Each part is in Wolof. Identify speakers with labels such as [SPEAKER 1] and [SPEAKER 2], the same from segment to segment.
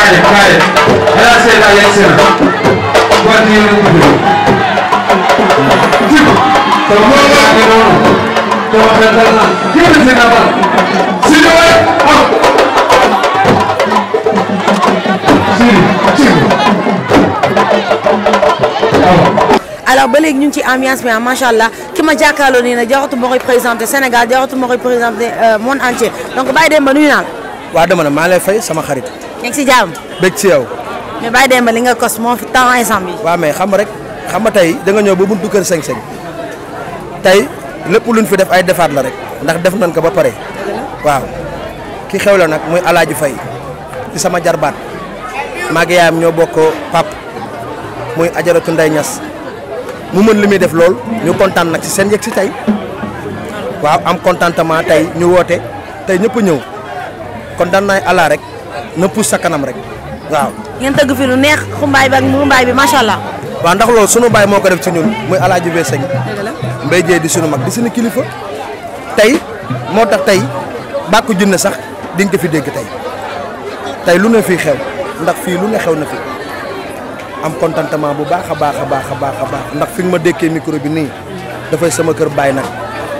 [SPEAKER 1] kaare kaare ala seeda yegsi na wàllu yéen a gudd jib te moo waxe noonu te waxe dal na génn si na bal si ñu waay am si
[SPEAKER 2] jib alors ba léegi ñu ngi ci ambiance bi ah macha allah ki ma jàkkaarloo nii nag jaratu ma koy présenté Sénégal jaratu ma koy présenté euh, monde entier donc bàyyi dem ba nuyu naa la.
[SPEAKER 1] waaw dama ne maa lay fay sama xarit. nekk si jàmm. bëgg si yow. mais Baye Demba li nga kos moo fi temps instant bi waaw mais xam rek xam nga tey danga nga ñëw ba buntu kër Seng-Seng tey lépp luñ fi def ay defaat la rek ndax def nañ ko ba pare. waaw ki xew la nag muy ju Fay ci sama jarbaat maa yaayam ñoo bokk pap muy ajaratu Ndey Ñas mu mën li muy def lool ñu kontaan nag si seen yëg si tey waaw am contentement tey ñu woote tey ñëpp ñëw kon daan naay ala rek. na pousse sa kanam rek waaw.
[SPEAKER 2] ngeen tëgg fi lu neex xumbaay bi ak mumbaay bi macha allah.
[SPEAKER 1] waaw ndax loolu sunu baay moo ko def ci ñun muy alaaji bee sëñ mbay jee di sunu mag di sunu kilifa tey moo tax tey bàkku junne sax di nga ko fi dégg tey tey lu ne fii xew ndax fii lu ne xew na fi am contentement bu baax a baax a baax a baax a baax ndax fi nga ma dékkee micro bi nii dafay sama kër baay nag.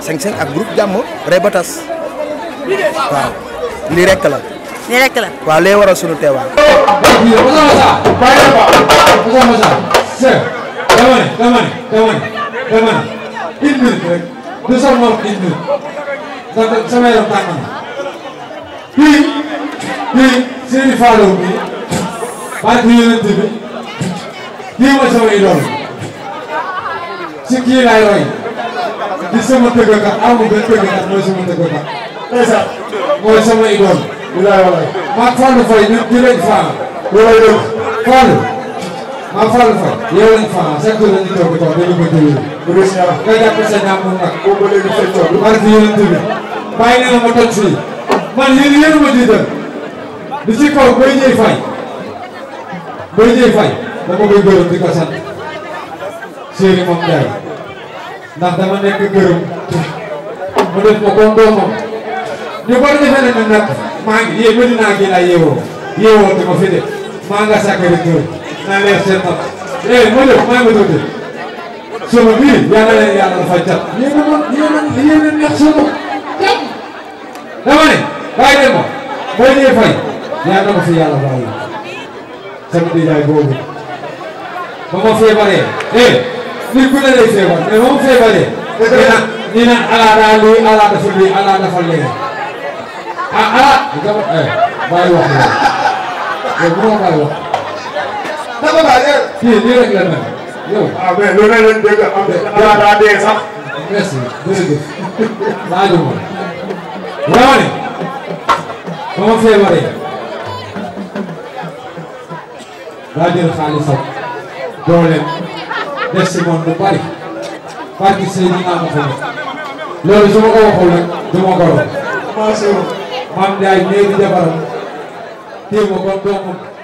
[SPEAKER 1] Seng-Seng ak groupe jàmm rey waaw lii rek la. lii rek la waaw lee waral sunu teewaay. dama ne dama ne di sama tëggkat amul benn tëggkat mooy sama tëggkat. ndeysaan mooy sama idool. bilaay walaay. maa Fallou Faye ñun ñu leen Fallou. yow lay dégg. Fallou. maa Fallou Faye. yow lañ Fallou chaque jour dañuy toog a toog dañu ko nga jàpp sa ñaam moom nag. boobu ba léegi fay toog. barke a bàyyi na fii. man yéen yéen ma di ci kaw Boy Dieye Faye. Boy Dieye Faye. dama koy gërëm di ko sant. Serigne moom ndax dama nekk gërëm mu def ma comme doomam ñu bari defe ne ma nag maa ngi yé bëri naa gii laa yeewoo yeewoo te ma fi de maa nga sàkkari gërëm naa leer seen nag eh ma def maa ngi tudd sama bii yàlla leen yàlla dafa jàpp yéen a ma yéen a neex sama jàpp dama ne bàyyi leen ma boo ñëwee fay yaa na ma fi yàlla bàyyi sama nijaay boobu ba ma feebaree eh firkude ley seeɓal e hom seeɓale ina alaɗa luy ala dafal luy ala dafal ley a ala ah, ah, eh, bayi wax yo buma bayi wax daɓaga ƴer ti ni rek la nan yow ah, mais lu ne len dégg alaɗa dee sax merci jërëjëf laajuma ramane kama feebare daa jël xaalisam dooleem des moom bu bari barki Seydina Muhammad loolu su ma ko waxul nag du ma ko wax. maam Ndiaye néegi jabaram téye ma